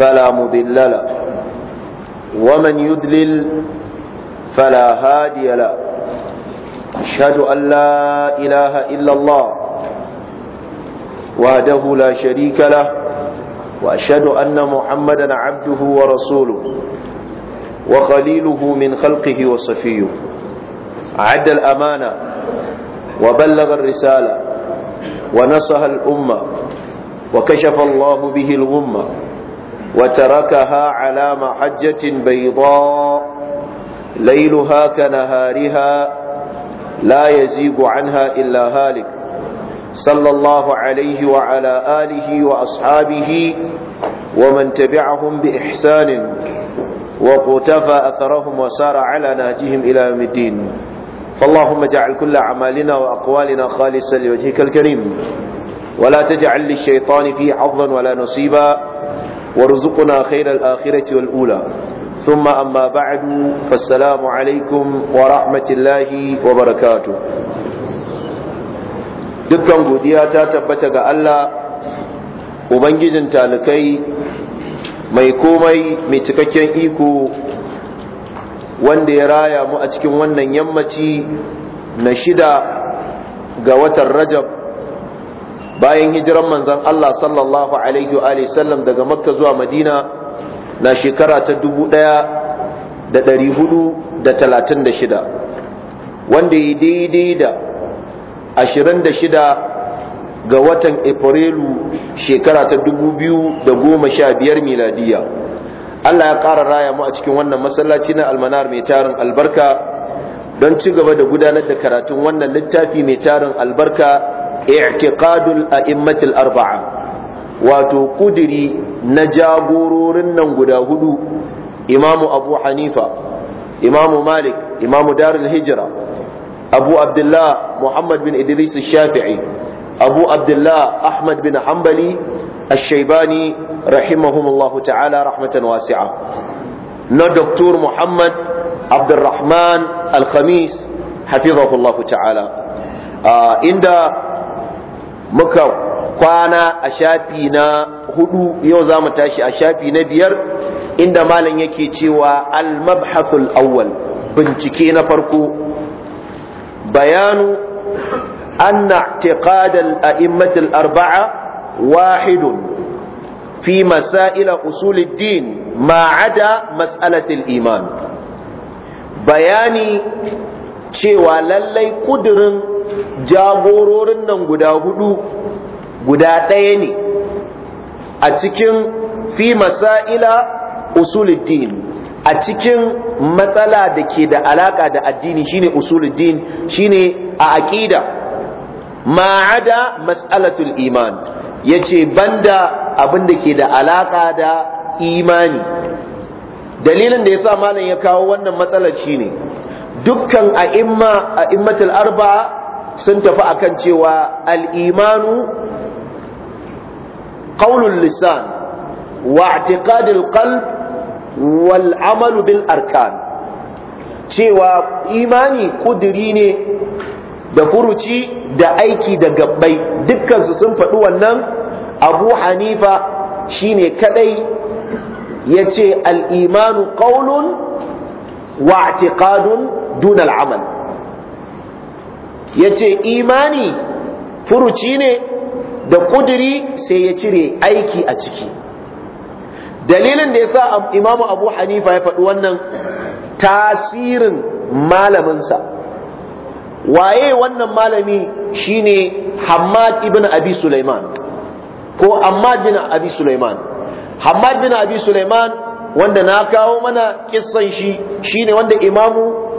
فلا مضل له ومن يدلل فلا هادي له أشهد أن لا إله إلا الله وحده لا شريك له وأشهد أن محمدا عبده ورسوله وخليله من خلقه وصفيه عد الأمانة وبلغ الرسالة ونصها الأمة وكشف الله به الغمة وتركها على محجة بيضاء ليلها كنهارها لا يزيغ عنها إلا هالك صلى الله عليه وعلى آله وأصحابه ومن تبعهم بإحسان وقتفى أثرهم وسار على نهجهم إلى يوم الدين فاللهم اجعل كل أعمالنا وأقوالنا خالصا لوجهك الكريم ولا تجعل للشيطان فيه حظا ولا نصيبا وارزقنا خير الآخرة والأولى ثم أما بعد فالسلام عليكم ورحمة الله وبركاته dukkan godiya ta tabbata ga Allah ubangijin talikai mai komai mai cikakken iko wanda ya raya mu a cikin wannan yammaci na shida ga watan rajab bayan hijiran manzan Allah sallallahu alaihi wa alihi sallam daga makka zuwa madina na shekara ta 1436 wanda ya daidai da 26 ga watan afrilu shekara ta 2015 miladiya Allah ya ƙara raya mu a cikin wannan masallaci na almanar mai tarin albarka don ci gaba da gudanar da karatun wannan littafi mai tarin albarka i'tiqadul a'immatil arba'a wato kudiri na jagororin nan guda hudu imamu abu hanifa imamu malik imamu darul hijra abu abdullah muhammad bin idris shafi'i abu abdullah ahmad bin hambali الشيباني رحمهم الله تعالى رحمة واسعة نا دكتور محمد عبد الرحمن الخميس حفظه الله muka kwana a shafi na hudu yau za mu tashi a shafi na biyar inda malam yake cewa al-mabhathul awwal bincike na farko bayanu anna i'tiqad al-a'immat al-arba'a wahid fi masail usul ad-din ma 'ada mas'alat al-iman bayani cewa lallai kudirin jagororin nan guda hudu guda ɗaya ne a cikin fi masaila usuluddin a cikin matsala da ke da alaka da addini shine usuluddin shine a aqida ma'ada mas'alatul iman yace banda abin da ke da alaka da imani dalilin da yasa malam ya kawo wannan matsalar shine dukkan a a'immatul arba'a sun tafi akan cewa al'imanu imanu lisan wa i'tiqadul wal'amalu wal bil arkan cewa imani ƙudiri ne da furuci da aiki da gabbai dukkansu sun faɗi wannan abu hanifa shine kadai ya ce al'imanu ƙaunun wa atiƙadun dunal amal ya ce imani furuci ne da ƙudiri sai ya cire aiki a ciki dalilin da ya sa imamu abu hanifa ya faɗi wannan tasirin malaminsa waye wannan malami shine hamad ibn abi sulaiman ko hamad bin abi sulaiman hamad bin abi sulaiman wanda na kawo mana kissan shi shine wanda imamu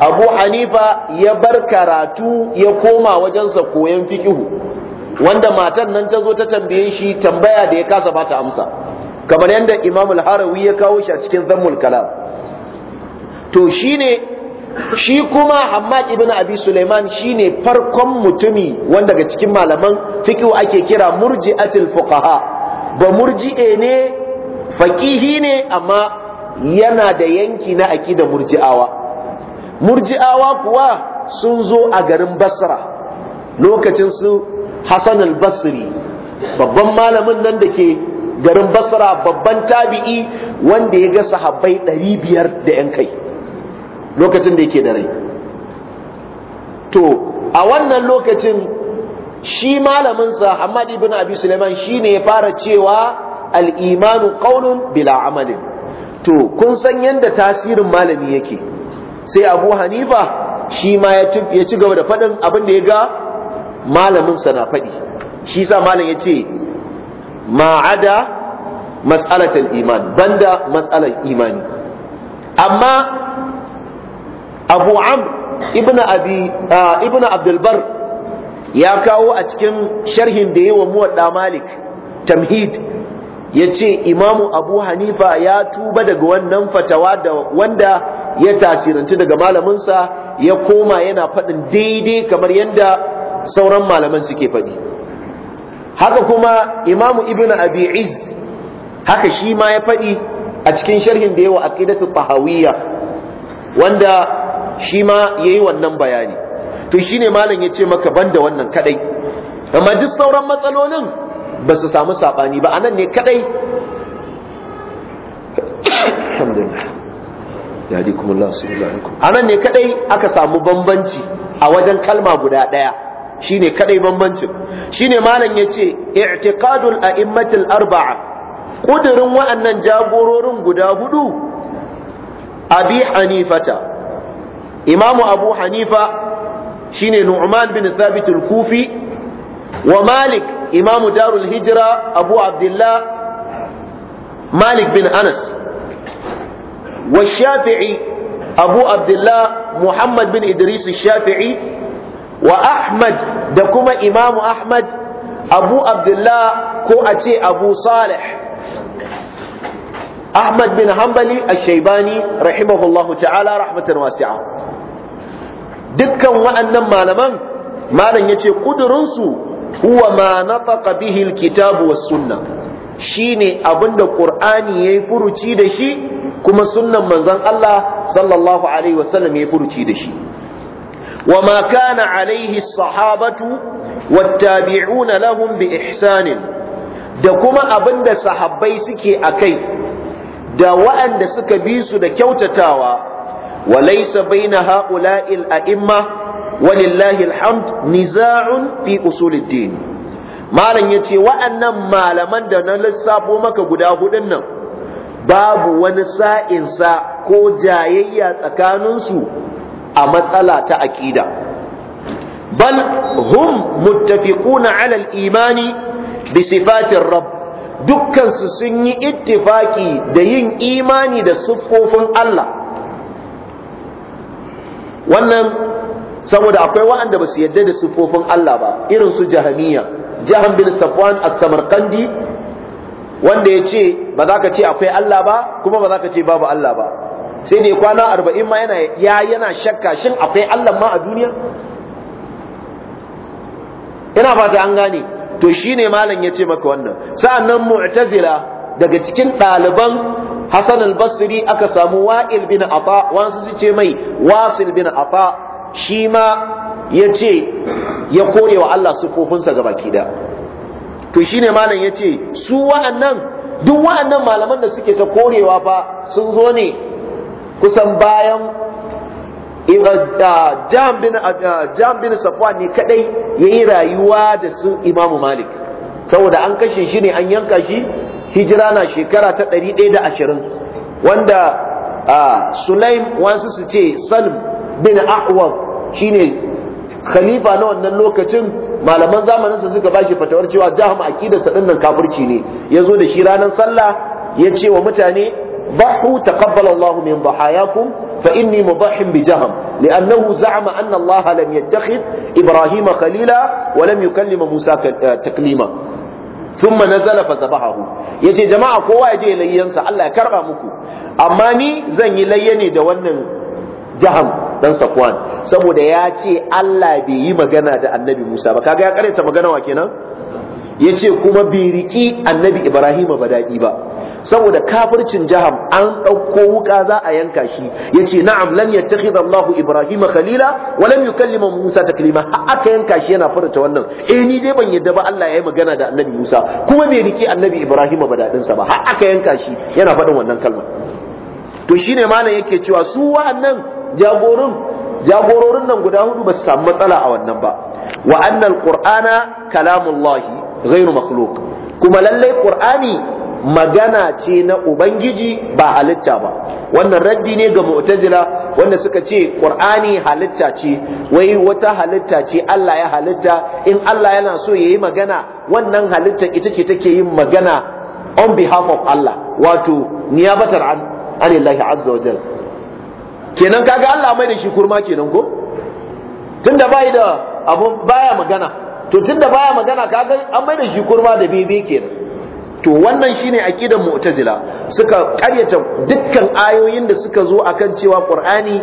abu hanifa ya bar karatu ya koma wajensa koyon fikihu wanda matan nan ta zo ta tambaye shi tambaya da ya kasa bata amsa kamar yadda imam al-harawi ya kawo shi a cikin zammul kalam to shine shi kuma hammad ibn abi sulaiman shine farkon mutumi wanda daga cikin malaman fikihu ake kira murji'atul fuqaha ba murji'e ne faqihi ne amma yana da yanki na da murji'awa murji'awa kuwa sun zo a garin basra lokacin su hasan al-basri babban malamin nan da ke garin basra babban tabi'i wanda ya ga sahabbai 500 da yan kai lokacin da yake da rai to a wannan lokacin shi malaminsa Hamad ibn Abi Sulaiman shine ya fara cewa al-imanu qawlun bila amalin to kun san yadda tasirin malami yake sai abu hanifa shi ma ya ci gaba da faɗin abin da ya ga malaminsa na faɗi shi sa malam ya ce ma'ada matsalatar iman banda matsalar imani amma abu am ibn abdulbar ya kawo a cikin sharhin da yi wa muwadda malik tamhid ya ce imamu abu hanifa ya tuba daga wannan fatawa da wanda ya tasirantu daga malaminsa ya koma yana faɗin daidai kamar yadda sauran malaman suke faɗi haka kuma imamu ibn abi iz haka shi ma ya faɗi a cikin sharhin da yawa ƙidatun fahawiyya wanda shi ma yi wannan bayani to shi ne malam ya ce maka ban da wannan kaɗai. amma duk sauran matsalolin ba su samu saɓani ba anan ne kadai anan ne kadai aka samu bambanci a wajen kalma guda ɗaya shine kadai bambancin shine malam yace i'tiqadul a'immatul arba'a kudurin wa'annan jagororin guda hudu abi hanifata imamu abu hanifa shine nu'man bin thabit al-kufi wa malik imamu darul hijira abu abdullah malik bin anas wa shafi'i abu abdullah muhammad bin idris shafi'i wa ahmad da kuma imamu ahmad abu abdullah ko a ce abu salih ahmad bin hanbali ashaibani rahimahullahu ta'ala rahmatan wasi'a dukkan waɗannan malaman malam yace kudurinsu huwa ma nafaqa bihi alkitabu was sunna shine abinda qur'ani yayi furuci da shi kuma sunnan manzon Allah sallallahu ya wasallam furuci da shi wa ma kana alaihi sahabatu wattabi'una lahum bi ihsanin da kuma abinda sahabbai suke a kai, da waɗanda suka bi su da kyautatawa wa laysa baina ha'ula'il a'imma walillahi alhamd niza'un fi usuluddin malam yace wa'annan malaman da na lissafo maka guda hudun nan babu wani sa'insa ko jayayya tsakaninsu a matsala ta aƙida bal hum muttafiquna ala al-imani bi sifatir rabb dukkansu sun yi ittifaki da yin imani da siffofin Allah wannan saboda akwai waɗanda ba su yadda da siffofin Allah ba irin su jahamiya jahan bin safwan as-samarqandi wanda ya ce ba za ka ce akwai Allah ba kuma ba za ka ce babu Allah ba sai ne kwana arba'in ma yana ya yana shakka shin akwai Allah ma a duniya ina fata an gane to shi ne malam ya ce maka wannan sa'annan mu'tazila daga cikin ɗaliban Hassan al-Basri aka samu Wa'il bin Afa, wasu su ce mai Wasil bin Afa. shi ma ya ce ya kore wa Allah sufofinsa ga baki da to ne malam ya ce su wa'annan duk wa'annan malaman da suke ta korewa fa sun zo ne kusan bayan Jam bin ne kadai ya yi rayuwa da su imamu Malik saboda an kashe shi ne an yanka shi hijira na shekara ta 120 wanda Sulaim wasu su ce salim. bin Ahwab shine khalifa na wannan lokacin malaman zamaninsa suka bashi fatawar cewa jahama akidarsa dinnan kafirci ne ya zo da shi ranar sallah yace wa mutane bahu taqabbal Allahu min dhahayakum fa inni mudahhim bi jaham li'annahu za'ama anna Allah lam yattakhidh Ibrahim khalila wa lam Musa eh, taklima thumma nazala fa zabahahu yace jama'a kowa ya yaje layyansa Allah ya karɓa muku amma ni zan yi layye ne da wannan jaham dan Safwan saboda ya ce Allah bai yi magana da Annabi Musa ba kaga ya karanta magana wa kenan yace kuma bai riki Annabi Ibrahim ba dadi ba saboda kafircin jaham an dauko wuka za a yanka shi yace na'am lan yattakhidha Allahu Ibrahim khalila wa lam yukallima Musa taklima aka yanka shi yana furta wannan eh ni dai ban yadda ba Allah ya yi magana da Annabi Musa kuma bai riki Annabi Ibrahim ba dadin sa ba har aka yanka shi yana faɗin wannan kalma to shine malam yake cewa su wa'annan jagorin jagororin nan guda hudu ba su samu matsala a wannan ba wa annal qur'ana kalamullahi ghairu makhluq kuma lallai qur'ani magana ce na ubangiji ba halitta ba wannan raddi ne ga mu'tazila wanda suka ce qur'ani halitta ce wai wata halitta ce Allah ya halitta in Allah yana so yayi magana wannan halitta ita ce take yin magana on behalf of Allah wato niyabatar an anillahi azza wa jalla kenan kaga Allah mai da shi kurma kenan ko tunda bai da abu baya magana to tunda baya magana kaga an mai da shi kurma da bebe kenan to wannan shine aqidar mu'tazila suka karyata dukkan ayoyin da suka zo akan cewa qur'ani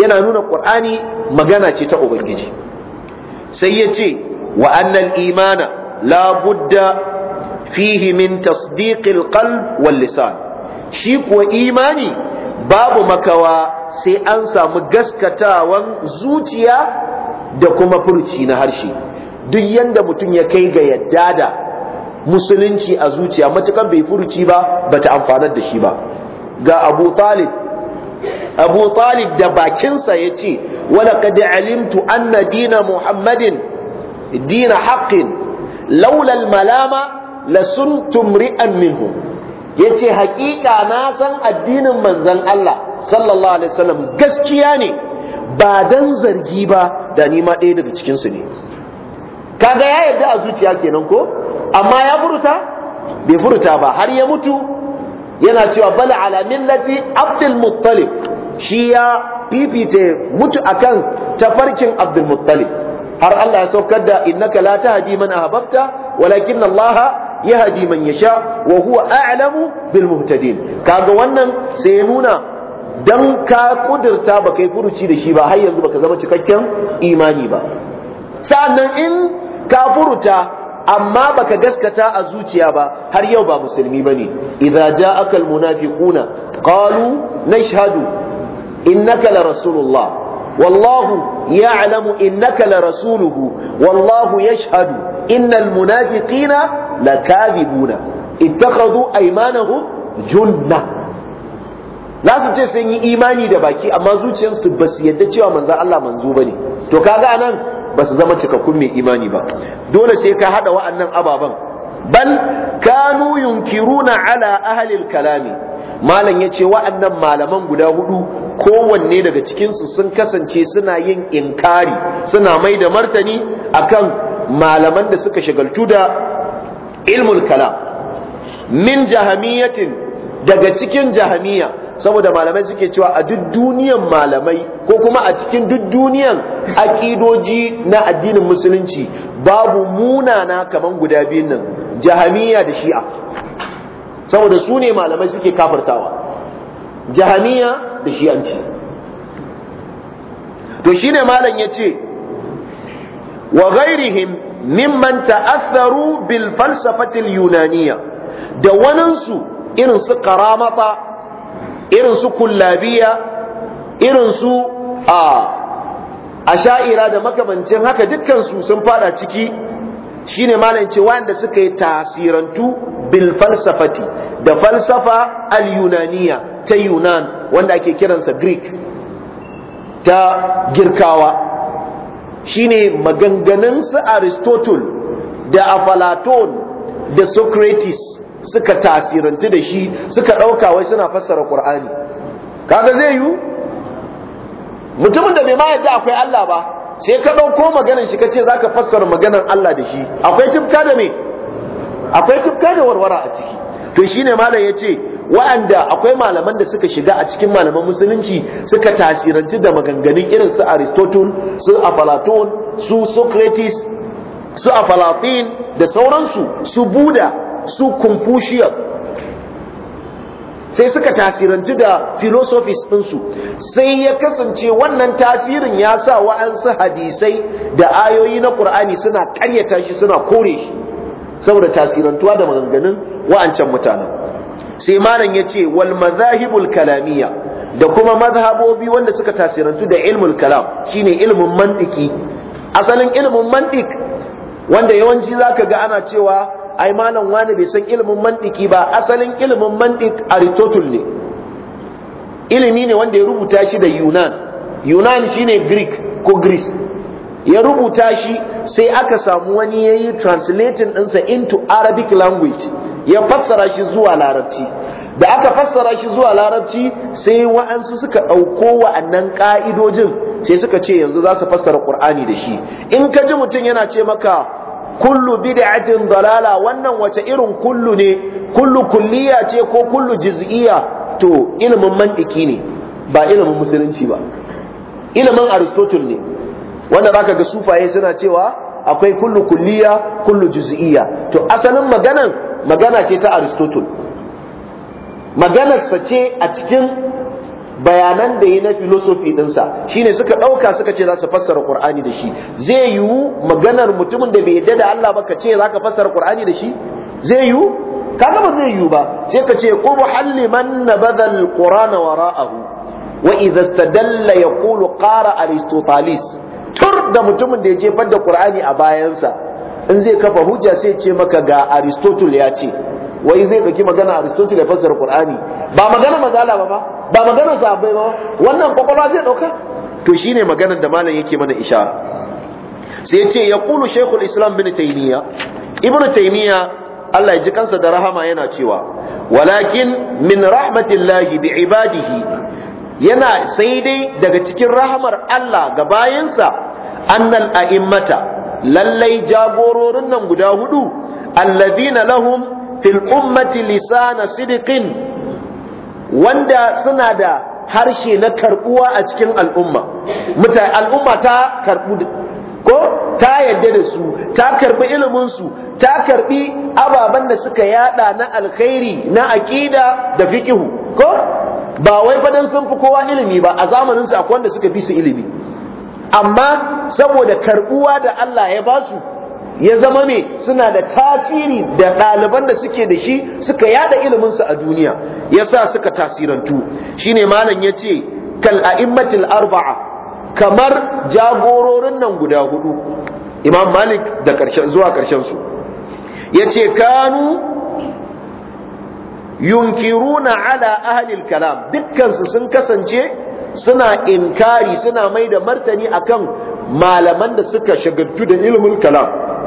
yana nuna qur'ani magana ce ta ubangiji sai ya ce wa annal imana la budda fihi min tasdiqil qalb wal lisan shi kuwa imani babu makawa sai an samu gaskatawan zuciya da kuma furci na harshe duk yanda mutum ya kai ga yadda da musulunci a zuciya matukan bai furuci ba bata amfanar da shi ba ga Abu Talib Abu Talib da bakinsa ce wala qad alimtu anna dina Muhammadin dina haqqin laulal malama malama lasuntum ri'an minhu yace haƙiƙa na san addinin manzon Allah sallallahu alaihi wasallam gaskiya ne ba dan zargi ba da ni ma ɗaya daga cikin su ne kaga ya yarda a zuciya kenan ko amma ya furuta bai furuta ba har ya mutu yana cewa bala ala millati abdul muttalib shi ya fifita mutu akan tafarkin abdul muttalib har Allah ya saukar da innaka la tahdi man ahbabta walakin Allah yahdi man yasha wa huwa a'lamu bil muhtadin kaga wannan sai ya nuna dan ka kudirta ba kai furuci da shi ba har yanzu baka zama cikakken imani ba sa'annan in ka furuta amma baka gaskata a zuciya ba har yau ba musulmi bane idza ja'aka almunafiquna qalu nashhadu innaka la rasulullah wallahu ya'lamu innaka la rasuluhu wallahu yashhadu innal munafiqina lakadibuna ittakhadhu aymanahum junna. za su ce sun yi imani da baki amma zuciyarsu ba su yadda cewa manzan Allah manzo ba ne to kaga anan ba su zama cikakkun mai imani ba dole sai ka haɗa wa'annan ababen bal kanu yunkiruna ala ahalin kalami malam ya ce wa'annan malaman guda hudu kowanne daga cikinsu sun kasance suna yin inkari suna mai da martani akan malaman da suka shagaltu da ilmul kalam min jahamiyatin daga cikin jahamiya saboda malamai suke cewa a duk duniyan malamai ko kuma a cikin duk duniyan aƙidoji na addinin musulunci babu munana kaman guda biyun nan jahamiya da shi'a saboda su ne malamai suke kafartawa jahamiya da shi'anci to shine malam ya ce wa ghairihim mimman ta'atharu bil falsafati yunaniya da waninsu irin su karamata irin su kullabiya irin su a a sha'ira da makamancin haka dukkan su sun fada ciki shine malam ce wanda suka yi tasirantu bil falsafati da falsafa al yunaniya ta yunan wanda ake kiransa greek ta girkawa shine maganganun su aristotle da aflaton da socrates suka tasirantu da shi suka ɗauka wai suna fassara ƙur'ani kaga zai yiwu mutumin da bai ma yadda akwai Allah ba sai ka ɗauko maganar shi ka ce za ka fassara maganar Allah da shi akwai tufka da me akwai tufka da warwara a ciki to shine malam ya ce wa'anda akwai malaman da suka shiga a cikin malaman musulunci suka tasirantu da maganganun irin su Aristotle su aplaton su Socrates su Aflatin da sauransu su Buda su Kumfushiyar sai suka tasiranci da philosophies ɗinsu sai ya kasance wannan tasirin ya sa wa'ansu hadisai da ayoyi na ƙur'ani suna ƙaryata shi suna kore shi saboda tasirantuwa da maganganun wa'ancan mutanen sai malam ya ce wal mazahibul kalamiya da kuma mazhabobi wanda suka tasirantu da ilmul kalam shine ilmin mantiki asalin ilmin mantik wanda yawanci zaka ga ana cewa ai malam wani bai san ilimin mantiki ba asalin ilimin mantik aristotle ne ilimi ne wanda ya rubuta shi da yunan yunan shine greek ko greece ya rubuta shi sai aka samu wani ya yi translating ɗinsa into arabic language ya fassara shi zuwa larabci da aka fassara shi zuwa larabci sai wa'ansu suka ɗauko wa'annan ƙa'idojin sai suka ce yanzu za su fassara ƙur'ani da shi in ka ji mutum yana ce maka kullu bid'atin dalala wannan wace irin kullu ne kullu kulliya ce ko kullu juz'iyya to ilimin mantiki ne ba ilimin musulunci ba ilimin aristotle ne wanda zaka ga sufaye suna cewa akwai kullu kulliya kullu juz'iyya to asalin maganan magana ce ta aristotle maganarsa ce a cikin bayanan da yi na filosofi ɗinsa shine suka ɗauka suka ce za su fassara Qur'ani da shi zai yiwu maganar mutumin da bai yadda da Allah ba ka ce za ka fassara Qur'ani da shi zai yiwu kaga ba zai yiwu ba sai ka ce qubhal liman nabadha al-Qur'ana wara'ahu wa idha istadalla yaqulu qara aristotelis tur da mutumin da ya jefar da ƙur'ani a bayansa in zai kafa hujja sai ce maka ga Aristotle ya ce wai zai dauki magana Aristotle ya fassara Qur'ani ba magana mazala ba ba magana sahabbai ba wannan kwakwalwa zai dauka to shine maganar da malam yake mana ishara sai ya ce ya kulu shaykhul islam bin taymiya ibnu taymiya Allah ya ji kansa da rahama yana cewa walakin min rahmatillahi bi ibadihi yana sai dai daga cikin rahamar Allah ga bayansa annal a'immata lallai jagororin nan guda hudu allazina lahum fil ummati lisana sidiqin wanda suna da harshe na karbuwa a cikin al'umma Mutai al'umma ta karbu ko ta yadda da su ta karbi ilimin su ta karbi ababen da suka yada na alkhairi na aqida da fiqhu ko ba wai fadan sun fi kowa ilimi ba a zamanin su akwai wanda suka fi su ilimi amma saboda karbuwa da Allah ya basu ya zama mai suna da tasiri da ɗaliban da suke da shi suka yada iliminsu a duniya ya sa suka tasirantu Shi shine malam ce kal a'immatil arba'a kamar jagororin nan guda hudu imam malik da karshen zuwa karshen su ce kanu na ala ahalil kalam dukkansu sun kasance suna inkari suna mai da martani akan malaman da suka shagaltu da ilimin kalam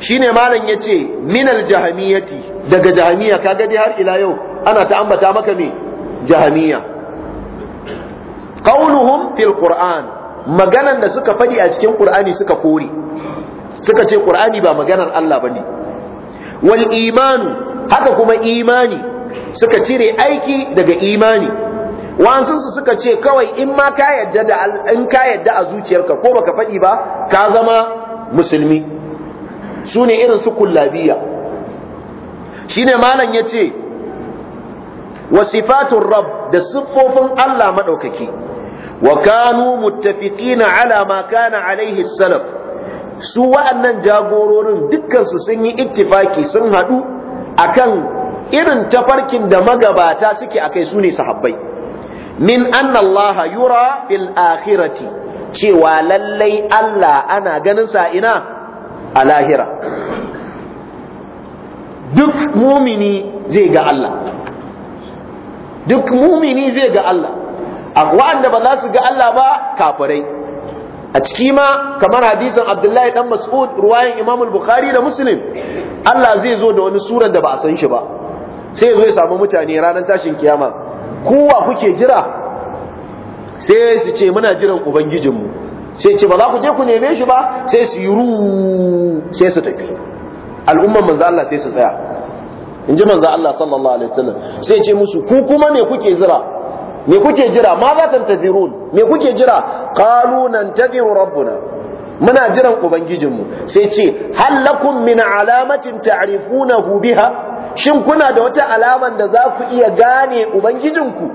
shine malam yace minal jahamiyati daga jahamiya kaga dai har ila yau ana ta ambata maka me jahamiya qauluhum fil qur'an maganan da suka fadi a cikin qur'ani suka kore suka ce qur'ani ba maganar Allah bane wal imanu haka kuma imani suka cire aiki daga imani wasu suka ce kawai in ma ka yadda da in ka yadda a zuciyarka ko baka fadi ba ka zama musulmi su ne irin su kullabiya shi ne malam ya ce wasifatun rab da siffofin Allah maɗaukaki wa kanu muttafiqina ala alama kana alaihi salaf su wa'annan jagororin dukkansu sun yi ittifaki sun haɗu A kan irin tafarkin da magabata suke kai su ne sahabbai min annallaha yura fil akhirati cewa lallai Allah ana ganin sa'ina ina a lahira duk mumini zai ga Allah duk mumini zai ga Allah wa'anda ba za su ga Allah ba kafirai a ciki ma kamar hadisin Abdullahi dan Mas'ud ruwayan Imam al-Bukhari da Muslim Allah zai zo da wani surar da ba a san shi ba sai zai ya samu mutane ranar tashin kiyama kuwa kuke jira sai su ce muna jiran ubangijinmu sai ce ba za ku je ku neme shi ba sai su yi sai su tafi al'umman manzo Allah sai su tsaya in ji manzo Allah sallallahu alaihi wasallam sai ce musu ku kuma me kuke jira me kuke jira ma za tantazirun me kuke jira qalu nantaziru rabbuna muna jiran ubangijinmu sai ce halakum min alamatin ta'rifunahu biha shin kuna da wata alama da za ku iya gane ubangijinku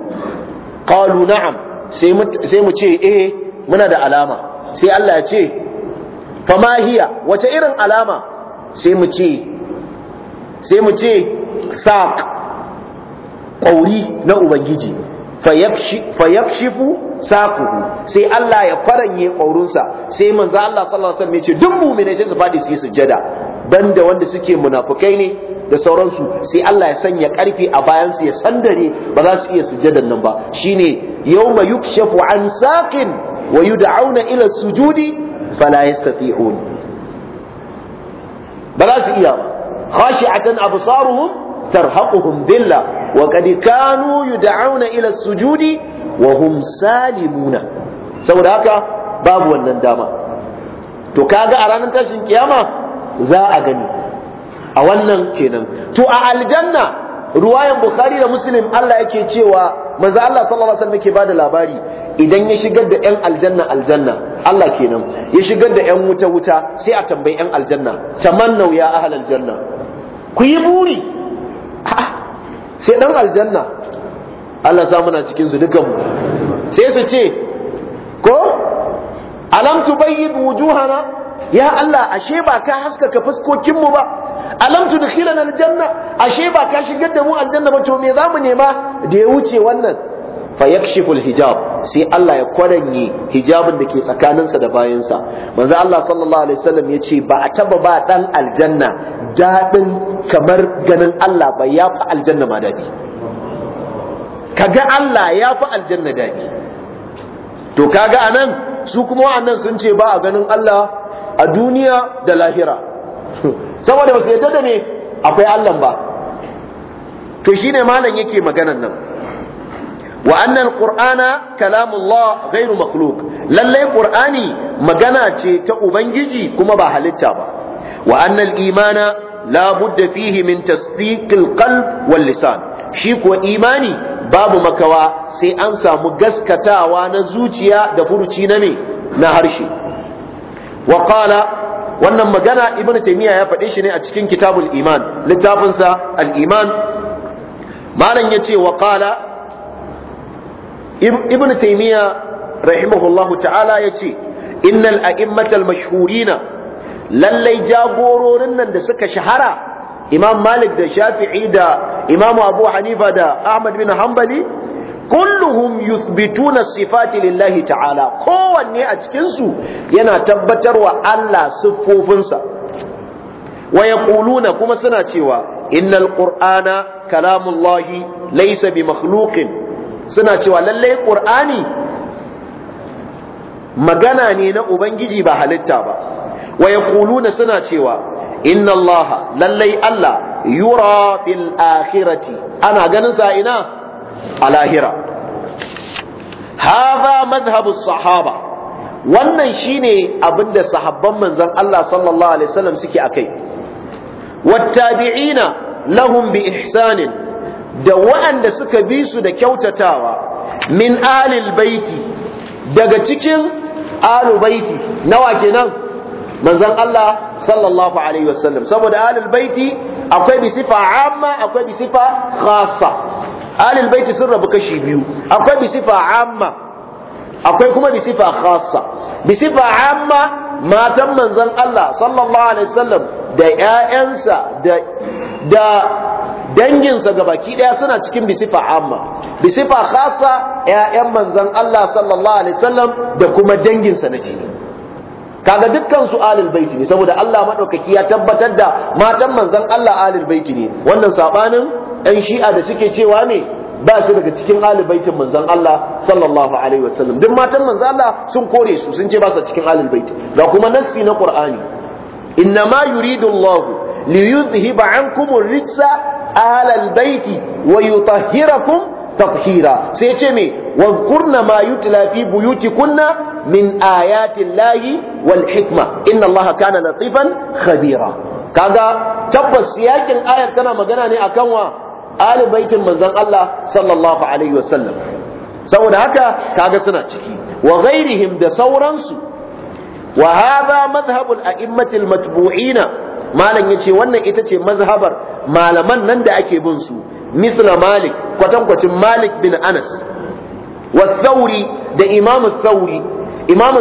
qalu na'am sai mu ce eh muna da alama sai Allah ya ce fama hiya wace irin alama sai mu ce sai ƙauri na ubangiji fayafshifu saquhu sai Allah ya faranye ƙaurinsa sai manzo Allah sallallahu alaihi wasallam ya ce duk mu'mine sai su fadi su yi sujjada banda wanda suke munafukai ne da sauransu sai Allah ya sanya karfi a bayan su ya sandare ba za su iya sujjadan nan ba shine yawma yukshafu an saqin wa yud'auna ila sujudi fala yastati'un ba za su iya khashi'atan absaruhum tarhaquhum dhilla wa kad kanu yud'auna ila sujudi wa hum salimuna saboda haka babu wannan dama to kaga a ranar tashin kiyama za a gani a wannan kenan to a aljanna ruwayan bukhari da muslim Allah yake cewa manzo Allah sallallahu alaihi wasallam yake bada labari idan ya shigar da yan aljanna aljanna Allah kenan ya shigar da yan wuta wuta sai a tambayi yan aljanna tamannau ya ahal janna ku yi buri sai dan aljanna Allah sa muna cikin su dukan sai su ce ko alam tubayyid wujuhana ya Allah ashe ba ka haskaka fuskokin mu ba alam tudkhilana aljanna ashe ba ka shigar da mu aljanna ba to me zamu nema da ya wuce wannan fa yakshifu alhijab sai Allah ya kwaranye hijabin da ke tsakaninsa da bayansa manzo Allah sallallahu alaihi wasallam ya ce ba a taba ba dan aljanna dadin kamar ganin Allah ba ya fa aljanna ma dadi kaga Allah ya fa aljanna dadi to kaga anan su kuma wa'annan sun ce ba a ganin Allah a duniya da lahira saboda ba su yadda da me akwai Allah ba to shine malam yake maganan nan wa annal qur'ana kalamullah ghairu makhluq lallai qur'ani magana ce ta ubangiji kuma ba halitta ba wa annal imana la budda fihi min tasdiqil qalb wal lisan shi kuwa imani babu makawa sai an samu gaskatawa na zuciya da furuci na me na harshe wa qala wannan magana ibnu taymiya ya faɗe shi ne a cikin kitabul iman littafinsa al iman malam yace wa qala ibnu taymiya rahimahullahu ta'ala yace innal a'immatal mashhurina lallai jagororin nan da suka shahara imam malik da shafi'i da imam abu hanifa da ahmad bin hanbali kulluhum yuthbituna sifati lillahi ta'ala kowanne a cikinsu su yana tabbatarwa Allah siffofinsa wa yaquluna kuma suna cewa innal qur'ana kalamullahi laysa bi makhluqin suna cewa lallai qur'ani magana ne na ubangiji ba halitta ba wa yaquluna suna cewa inna Allah lallai Allah yura fil akhirati ana ganin sa ina a lahira hadha madhhabu sahaba wannan shine abinda sahabban manzon Allah sallallahu alaihi wasallam suke akai wattabi'ina lahum bi ihsanin da waɗanda suka bi su da kyautatawa min alil baiti daga cikin alu baiti nawa kenan manzon Allah sallallahu alaihi wasallam saboda ahlul baiti akwai bi sifa amma akwai bi sifa khassa ahlul baiti sun rabu kashi biyu akwai bi sifa amma akwai kuma bi sifa khassa bi sifa amma matan manzon Allah sallallahu alaihi wasallam da ƴaƴansa da da danginsa gabaki ɗaya suna cikin bisifa amma bisifa khassa ƴaƴan manzan Allah sallallahu alaihi wasallam da kuma danginsa na jini kaga dukkan su alil baiti ne saboda Allah madaukaki ya tabbatar da matan manzon Allah alil baiti ne wannan sabanin ɗan shi'a da suke cewa ne ba su daga cikin alil baitin manzon Allah sallallahu alaihi wasallam duk matan manzon Allah sun kore su sun ce ba su cikin alil baiti ga kuma nassi na Qur'ani innama yuridu li yuzhiba ankum ar-rijsa ahlal baiti wa yutahhirakum tathira sai ce me wazkurna mayu tilafi fi buyutikunna min ayati llahi wal hikma inna allaha kana latifan khabira kaga tabbas siyakin ayar tana magana ne akan wa ali baitin manzon Allah sallallahu alaihi wasallam saboda haka kaga suna ciki wa ghairihim da sauransu wa hadha madhhabul a'immati al matbu'ina malam yace wannan ita ce mazhabar malaman nan da ake bin su Misra malik kwatankwacin malik bin anas wa thauri da imamu thauri imamu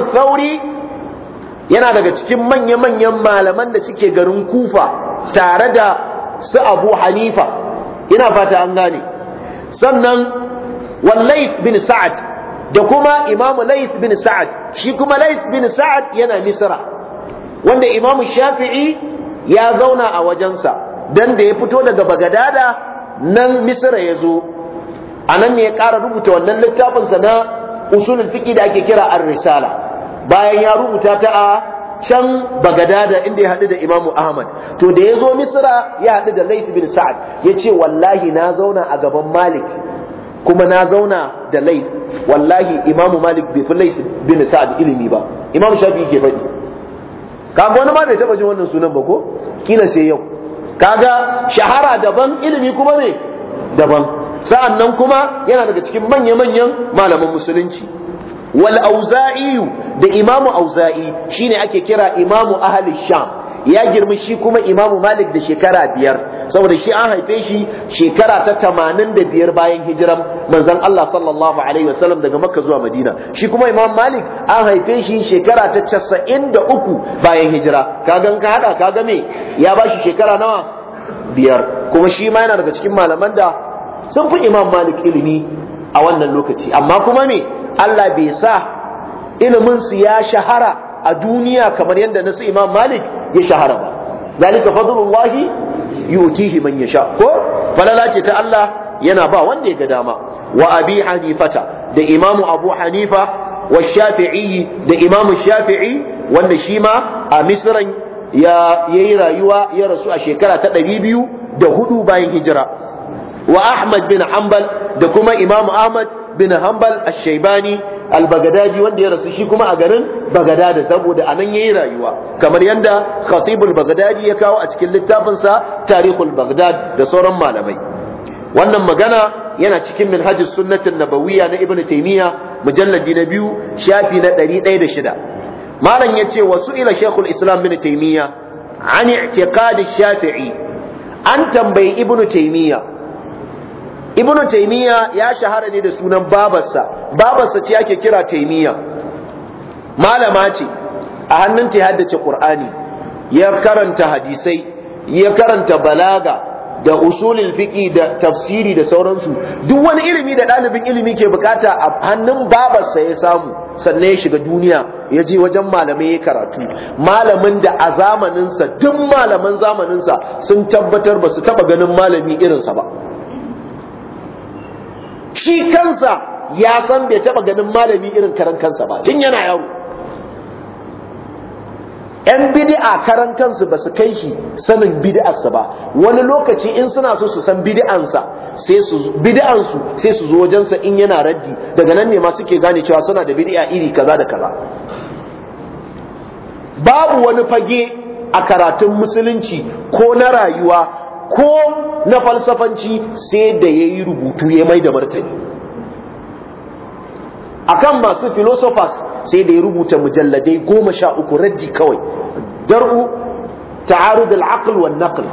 yana daga cikin manya-manyan malaman da suke garin kufa tare da su abu hanifa ina fata an gane sannan wallaif bin sa'ad da kuma imamu laif bin sa'ad shi kuma laif bin sa'ad yana misra wanda imamu shafi'i ya zauna a wajensa dan da ya fito daga bagadada nan Misira ya zo a nan ne ya ƙara rubuta wannan littafinsa na usulun fiki da ake kira an risala bayan ya rubuta ta a can bagadada inda ya haɗu da imamu ahmad to da ya zo Misira ya haɗu da laif bin sa'ad ya ce wallahi na zauna a gaban malik kuma na zauna da laif wallahi imamu malik bai fi laif bin sa'ad ilimi ba imamu shafi ke faɗi kaga wani ma bai taɓa jin wannan sunan ba ko kila sai yau kaga shahara daban ilimi kuma ne daban sa'annan kuma yana daga cikin manya-manyan malaman musulunci wal auza'i da imamu auza'i shine ake kira imamu ahli sham ya girma shi kuma imamu malik da shekara biyar saboda shi an haife shi shekara ta tamanin da biyar bayan hijiran manzan Allah sallallahu alaihi wasallam daga makka zuwa madina shi kuma imam malik an haife shi shekara ta casa'in da uku bayan hijira kagan ka hada kaga me ya ba shi shekara nawa biyar kuma shi ma yana daga cikin malaman da sun fi imam malik ilimi a wannan lokaci amma kuma me Allah bai sa ilimin su ya shahara a duniya kamar yadda nasu imam malik ya shahara ba zalika wahi yutihi man yasha ko falala ce ta Allah yana ba wanda ya ga dama wa abi hanifata da imamu abu hanifa wa shafi'i da imamu shafi'i wanda shi ma a misran ya yayi rayuwa ya rasu a shekara ta ɗari biyu da hudu bayan hijira wa ahmad bin hanbal da kuma imamu ahmad bin hanbal ash-shaybani al wanda ya rasu shi kuma a garin bagdad saboda anan yayi rayuwa kamar yanda khatibul bagdadi ya kawo a cikin littafin sa tarihul bagdad da sauran malamai wannan magana yana cikin minhajus sunnatin nabawiyya na ibnu taymiya mujalladi na biyu shafi na 106 malam yace wasu ila shaykhul islam ibnu taymiya an i'tiqad shafi'i an tambayi ibnu taymiya ibnu taimiyya ya shahara ne da sunan babarsa babarsa ce ake kira taimiyya. malama ce a hannun ta haddace qur'ani ya karanta hadisai ya karanta balaga da usulin fiqi da tafsiri da sauransu duk wani ilimi da ɗalibin ilimi ke bukata a hannun babarsa ya samu sannan ya shiga duniya ya je wajen malamai ya karatu malamin da a zamaninsa duk malaman zamaninsa sun tabbatar ba su taba ganin malami irinsa ba shi kansa ya san bai taba ganin malami irin karan kansa ba tun yana yaro yan bid'a karan kansu ba su kai shi sanin bid'arsa ba wani lokaci in suna so su san bid'ansa sai su bid'ansu sai su zo wajensa in yana raddi daga nan ne ma suke gane cewa suna da bid'a iri kaza da kaza babu wani fage a karatun musulunci ko na rayuwa ko na falsafanci sai da ya yi rubutu ya mai da martani A kan masu filosofas sai da ya rubuta mujalladai goma sha uku raddi kawai dar'u ta'aru da wa naql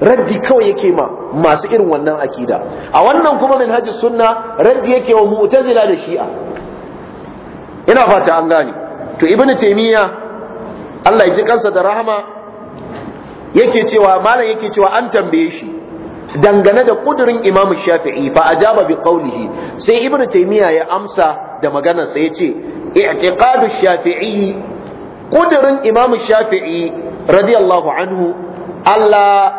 raddi kawai yake ma masu irin wannan akida a wannan kuma min hajji sunna raddi yake wa mu'tazila da shi'a ina fata an gane to ibnu taymiya Allah ya ji kansa da rahama yake cewa malam yake cewa an tambaye shi dangane da kudurin imamu shafi'i fa ajaba bi qawlihi sai ibnu taymiya ya amsa da maganar sa yace i'tiqadu shafi'i kudurin imamu shafi'i radiyallahu anhu Allah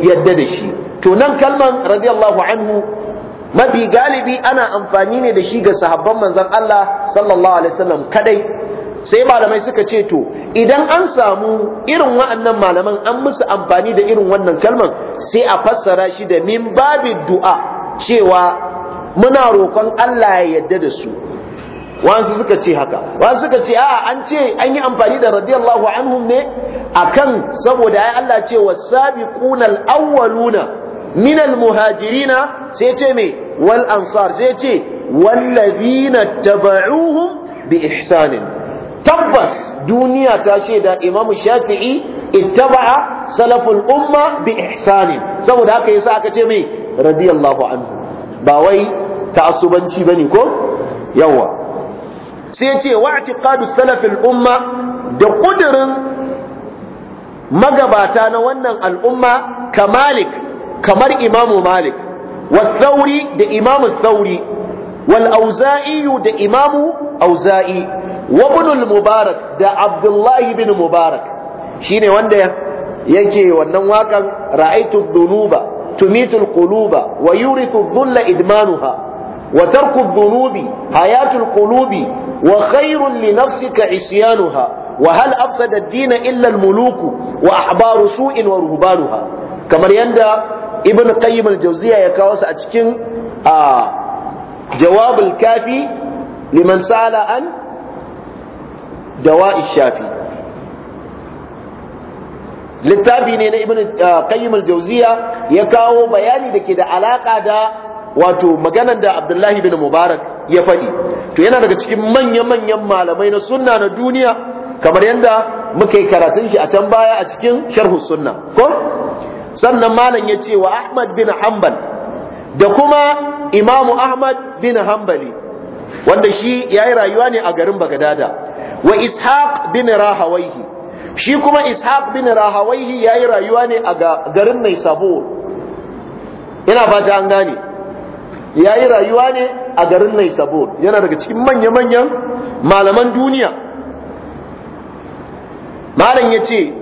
yadda da shi to nan kalman radiyallahu anhu mafi galibi ana amfani ne da shi ga sahabban manzon Allah sallallahu alaihi wasallam kadai sai malamai suka ce to idan an samu irin wa'annan malaman an musu amfani da irin wannan kalman sai a fassara shi da min babi du'a cewa muna roƙon Allah ya yarda da su wasu suka ce haka wasu suka ce a'a an ce an yi amfani da radiyallahu anhum ne akan saboda ai Allah ce wasabiqunal awwaluna minal muhajirina sai ce me wal ansar sai ce wallazina tabauhum bi ihsanin tabbas duniya ta shaida imamu shafi'i ittaba'a salaful umma bi ihsanin saboda haka yasa aka ce mai radiyallahu anhu ba wai ta'assubanci bane ko yawa sai ce wa i'tiqadu salafil umma da kudirin magabata na wannan al'umma kamalik kamar imamu malik والثوري ده إمام wal والأوزائي da imamu auza'i wabnul mubarak da abdullahi bin mubarak shine wanda yake wannan wakan ra'aitu dhunuba tumitul quluba wa yurithu dhulla idmanuha wa tarku dhunubi hayatul qulubi wa khairun li nafsika isyanuha wa hal afsada ad-din illa muluku wa ahbaru su'in wa ruhbanuha kamar yadda ibn qayyim al-jawziya ya kawo su a cikin jawab al-kafi liman sala dawa'i shafi littafi ne na ibn ah, qayyim al ya kawo bayani da ke da alaƙa da wato maganar da abdullahi bin mubarak ya faɗi to yana daga cikin manya-manyan malamai na sunna na duniya kamar yadda muka yi karatun shi a can baya a cikin sharhu sunna ko sannan malam ya ce wa ahmad bin hanbal da kuma imamu ahmad bin hanbali wanda shi ya yi rayuwa ne a garin bagadada wa ishaq bin rahawaihi shi kuma ishaq bin rahawaihi yayi rayuwa ne a garin mai sabo ina fata an gane yayi rayuwa ne a garin mai sabo yana daga cikin manya-manyan malaman duniya malam yace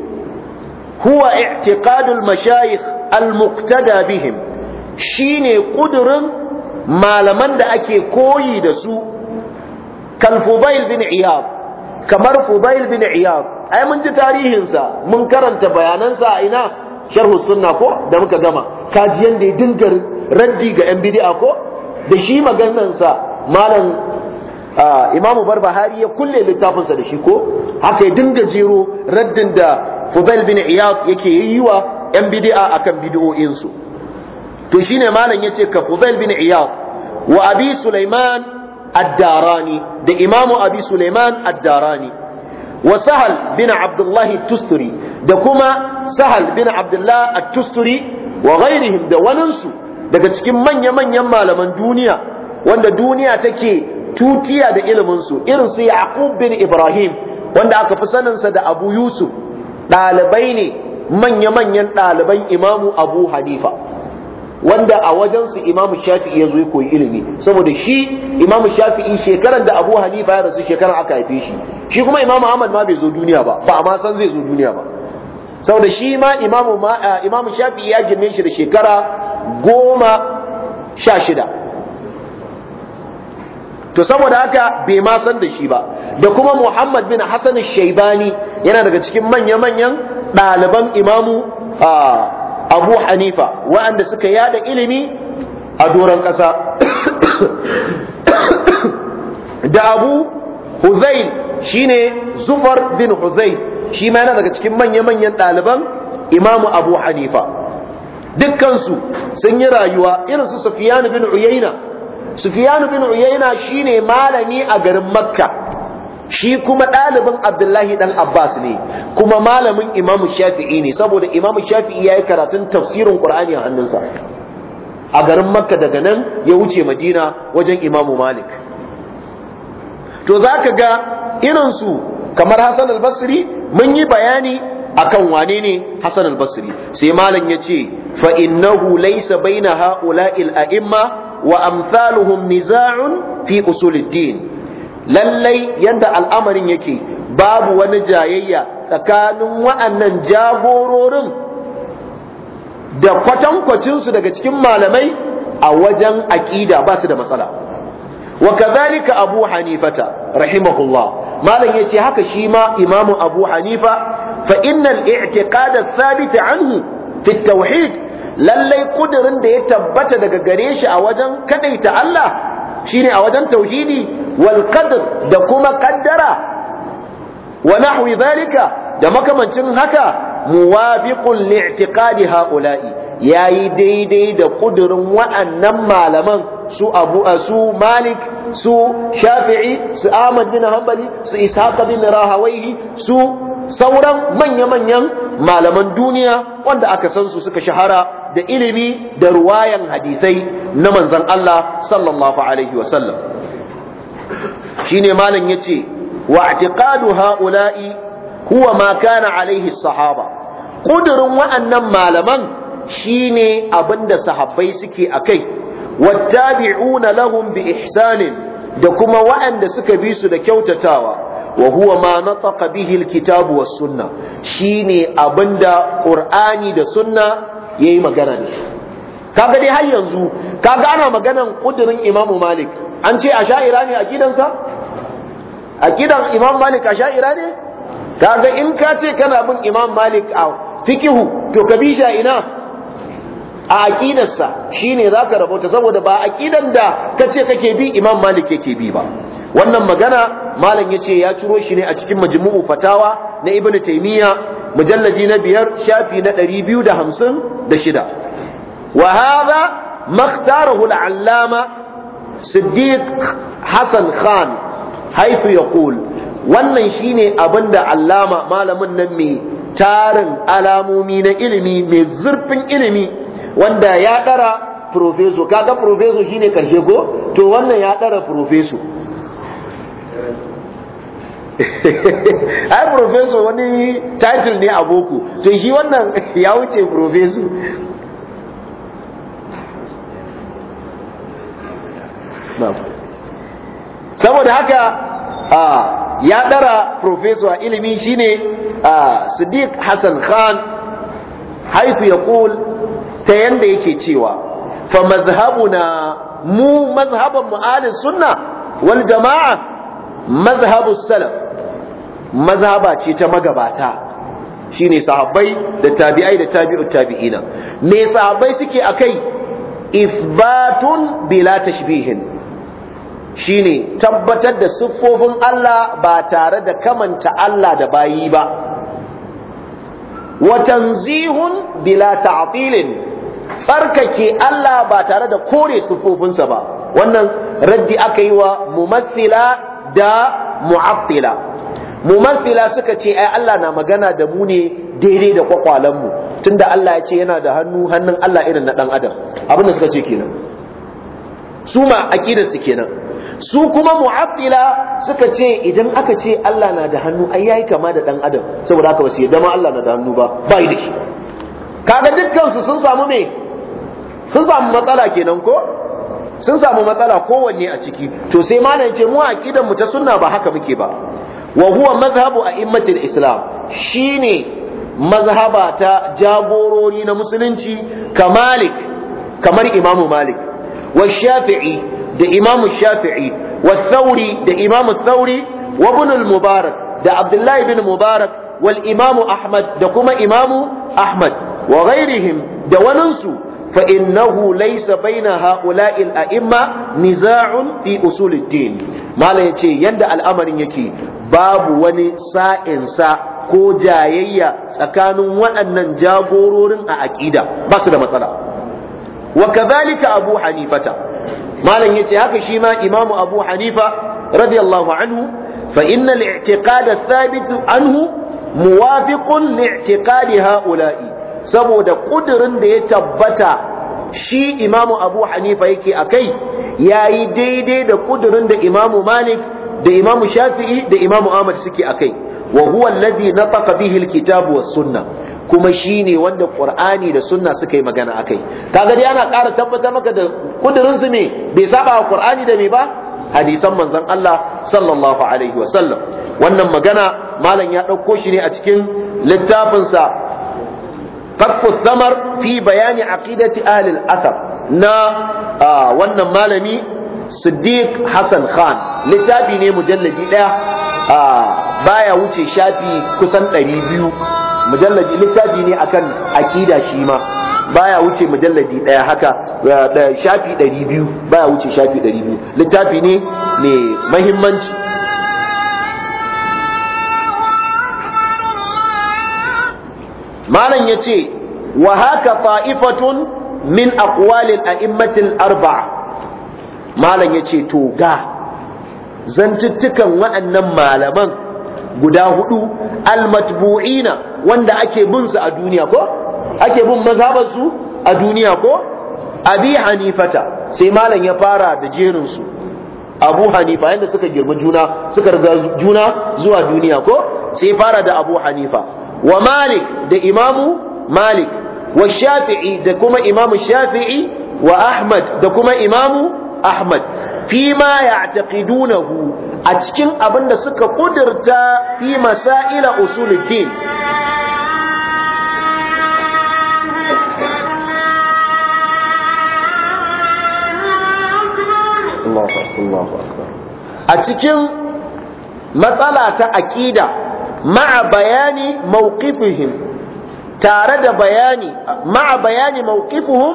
huwa i'tiqadul mashayikh al-muqtada bihim shine kudurin malaman da ake koyi da su kalfubail bin iyad kamar Fudail bin Iyad ai mun ji tarihinsa mun karanta bayanansa a ina sharhu sunna ko da muka gama kajiyan da ya dinga raddi ga yan bid'a ko da shi sa malam imamu barbahari ya kulle littafinsa da shi ko haka ya dinga jero raddin da Fudail bin Iyad yake yi wa yan bid'a akan su to shine malam yace ka Fudail bin Iyad wa Abi Sulaiman ad-darani da imamu abi suleiman ad-darani wa sahal bin abdullah tusturi da kuma sahal bin Abdullahi at-tusturi wa ghairihim da daga cikin manya-manyan malaman duniya wanda duniya take tutiya da iliminsu irin su yaqub bin ibrahim wanda aka fi saninsa da abu yusuf ɗalibai ne manya-manyan ɗaliban imamu abu hanifa wanda a wajensu imamu shafi'i ya zo ya koyi ilimi saboda shi imamu shafi'i shekaran da abu hanifa ya rasu shekaran aka haife shi shi kuma imamu ahmad ma bai zo duniya ba ba amma ma san zai zo duniya ba saboda shi ma imamu imamu shafi'i ya girme shi da shekara goma sha shida to saboda haka bai ma san da shi ba da kuma muhammad bin hassan shaibani yana daga cikin manya-manyan ɗaliban imamu abu hanifa wa'anda suka yada ilimi a doron ƙasa da abu huzail shine zufar bin huzail shi ma yana daga cikin manya-manyan ɗaliban imamu abu hanifa dukkansu sun yi rayuwa irin su sufiyanu bin uyaina sufiyanu bin uyaina shine malami a garin makka shi kuma ɗalibin abdullahi ɗan abbas ne kuma malamin imamu shafi'i ne saboda imamu shafi'i ya yi karatun tafsirin ƙur'ani a hannunsa a garin makka daga nan ya wuce madina wajen imamu malik to za ka ga irinsu kamar hassan albasri mun yi bayani akan wane ne hassan albasri sai malam ya ce fa innahu bai baina ha'ula'il a'imma wa amthaluhum niza'un fi usulid din lallai yadda al'amarin yake babu wani jayayya tsakanin wa'annan jagororin da kwatankwacinsu daga cikin malamai a wajen aƙida ba su da matsala wa kazalika abu hanifata rahimahullah malam ya ce haka shi ma imamu abu hanifa fa innal i'tiqad ath anhu fi at-tauhid lallai kudirin da ya tabbata daga gare shi a wajen kadaita Allah shine a wajen tauhidi wal qadr da kuma qaddara wa nahwi zalika da makamancin haka muwafiqun li'tiqadi haula'i yayi daidai da kudurin wa'annan malaman su Abu Asu Malik su Shafi'i su Ahmad bin Hanbali su Ishaq bin Rahawayhi su sauran manya-manyan malaman duniya wanda aka san su suka shahara da ilimi da ruwayan hadisai na manzon Allah sallallahu alaihi wasallam shine malam yace wa i'tiqadu haula'i huwa ma kana alaihi sahaba kudurin wa'annan malaman shine abinda sahabbai suke akai wattabi'una lahum bi ihsanin da kuma wa'anda suka bi su da kyautatawa wa huwa ma nataqa bihi alkitabu was sunna shine abinda qur'ani da sunna yayi magana da shi kaga dai har yanzu kaga ana maganan kudirin imam malik an ce asha'ira ne akidansa akidan imam malik asha'ira ne kaga in ka ce kana bin imam malik a fikihu to ka bi sha ina a aqidarsa shine zaka rabota saboda ba aqidan da kace kake bi imam malik yake bi ba wannan magana malam yace ya ciro shi ne a cikin majmu'u fatawa na ibnu taymiya mujalladi na biyar shafi na 256 wa hadha makhtarahu al-allama siddiq hasan khan haifu yaqul wannan shine abinda allama malamin nan mai tarin alamomi na ilimi mai zurfin ilimi wanda ya dara profeso kaga profeso shine karshe ko to wannan ya dara profeso ai professor wani title ne a boko to shi wannan ya wuce professor saboda haka ya dara professor a ilimi shine sadiq Hassan Khan haifu ya ta yanda yake cewa fa mazhabuna mu mazhaban mu sunna wani jama'a mazhabu salaf mazhaba ce ta magabata shine sahabbai da tabi'ai da tabi'ut tabi'ina me sahabbai suke akai isbatun bila tashbihin shine tabbatar da siffofin Allah ba tare da kamanta Allah da bayi ba wa tanzihun bila ta'tilin tsarkake Allah ba tare da kore siffofinsa ba wannan raddi aka yi wa mumathila da mu'attila mumathila suka ce ai Allah na magana da mu ne daidai da kwakwalan mu tunda Allah ya ce yana da hannu hannun Allah irin na dan adam abinda suka ce kenan su ma aqidar su kenan su kuma mu'attila suka ce idan aka ce Allah na da hannu ai yayi kama da dan adam saboda haka wasu yadda ma Allah na da hannu ba yi da shi kaga dukkan su sun samu me sun samu matsala kenan ko sun samu matsala kowanne a ciki to sai malam ce mu aqidan mu ta sunna ba haka muke ba wa huwa madhhabu a'immatil islam shine mazhaba ta jagorori na musulunci ka malik kamar imamu malik wa shafi'i da imamu shafi'i wa thauri da imamu thauri wa ibn al-mubarak da abdullahi ibn mubarak wal imamu ahmad da kuma imamu ahmad wa ghairihim da waninsu fa innahu laysa baina ha'ula'il a'imma niza'un fi usuluddin mala yace yanda al'amarin yake babu wani sa'in sa ko jayayya tsakanin waɗannan jagororin a aƙida ba su da matsala wa kadhalika abu hanifata malam yace haka shi ma imamu abu hanifa radiyallahu anhu fa innal i'tiqad ath-thabit anhu muwafiqun li'tiqad ha'ula'i saboda ƙudurin da ya tabbata shi imamu abu hanifa yake a kai ya yi daidai da ƙudurin da imamu malik da imamu shafi'i da imamu ahmad suke a kai wa huwa alladhi nataqa bihi alkitabu was sunna kuma shine wanda qur'ani da sunna suka yi magana akai kaga dai ana ƙara tabbatar maka da kudirin su ne bai saba wa qur'ani da me ba hadisan manzon Allah sallallahu alaihi wa sallam wannan magana malam ya ɗauko shi ne a cikin littafinsa qatfu samar fi bayani aqidati Alil al na wannan malami Siddiq Hassan Khan littafi ne mujalladi daya baya wuce shafi kusan 200 mujalladi littafi ne akan akida shi ma baya wuce mujalladi ɗaya haka shafi 200 baya wuce shafi biyu. littafi ne mai mahimmanci malam ce wa haka fa’ifatun min a immatin arba'a malam ce to ga zantuttukan wa'annan malaman guda hudu almatbu'ina wanda ake bin su a duniya ko ake bin mazabarsu su a duniya ko abi hanifata sai malam ya fara da jerinsu abu hanifa yadda suka girma juna suka riga juna zuwa duniya ko sai fara da abu hanifa wa malik da imamu malik wa shafi'i da kuma imamu shafi'i wa ahmad da kuma imamu ahmad fi ma ya'taqidunahu a cikin abin da suka kudurta fi masaila usuludin a cikin matsala ta aƙida ma'a bayani mawqifihim tare da ma'a bayani mawqifuhum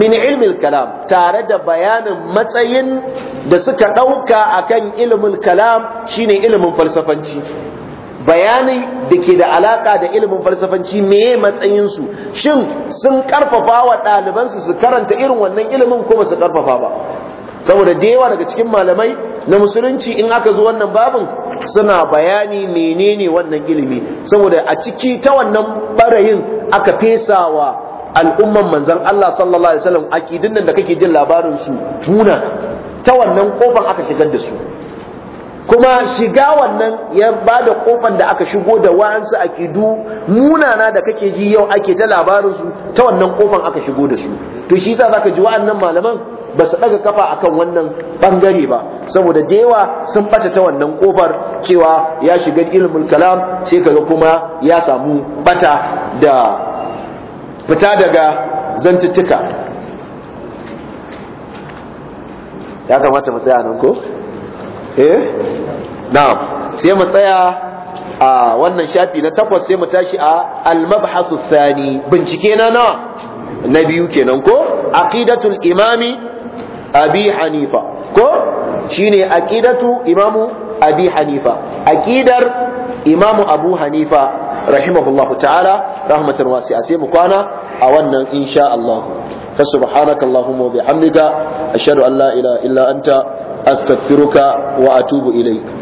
min ilmi kalam tare da bayanin matsayin da suka dauka akan ilmin kalam shine ilmin falsafanci bayanin da ke da alaka da ilimin falsafanci meye matsayinsu shin sun karfafa wa ɗalibansu su karanta irin wannan ilimin ko ba su karfafa ba saboda da yawa daga cikin malamai na musulunci in aka zo wannan babin suna bayani menene wannan ilimi saboda a ciki ta wannan barayin aka fesa wa al'umman manzon Allah sallallahu alaihi wasallam akidin nan da kake jin labarin su tuna ta wannan kofan aka shigar da su kuma shiga wannan ya ba da kofan da aka shigo da wa'ansu akidu munana da kake ji yau ake ta labarin su ta wannan kofan aka shigo da su to shi yasa zaka ji wa'annan malaman ba su daga kafa kan wannan ɓangare ba saboda da yawa sun bata ta wannan kofar cewa ya shiga ilmul kalam sai kaga kuma ya samu bata da fita daga zantuttuka ya kamata mu tsaya nan ko eh na'am sai mu tsaya a wannan shafi na takwas sai mu tashi a al-mabhasu thani bincike na nawa na biyu kenan ko aqidatul imami abi hanifa ko shine aqidatu imamu abi hanifa aqidar imamu abu hanifa rahimahullahu ta'ala rahmatan wasi'a sai mu kwana a wannan insha Allah fa subhanaka allahumma wa bihamdika ashhadu an la ilaha illa anta astaghfiruka wa atubu ilaik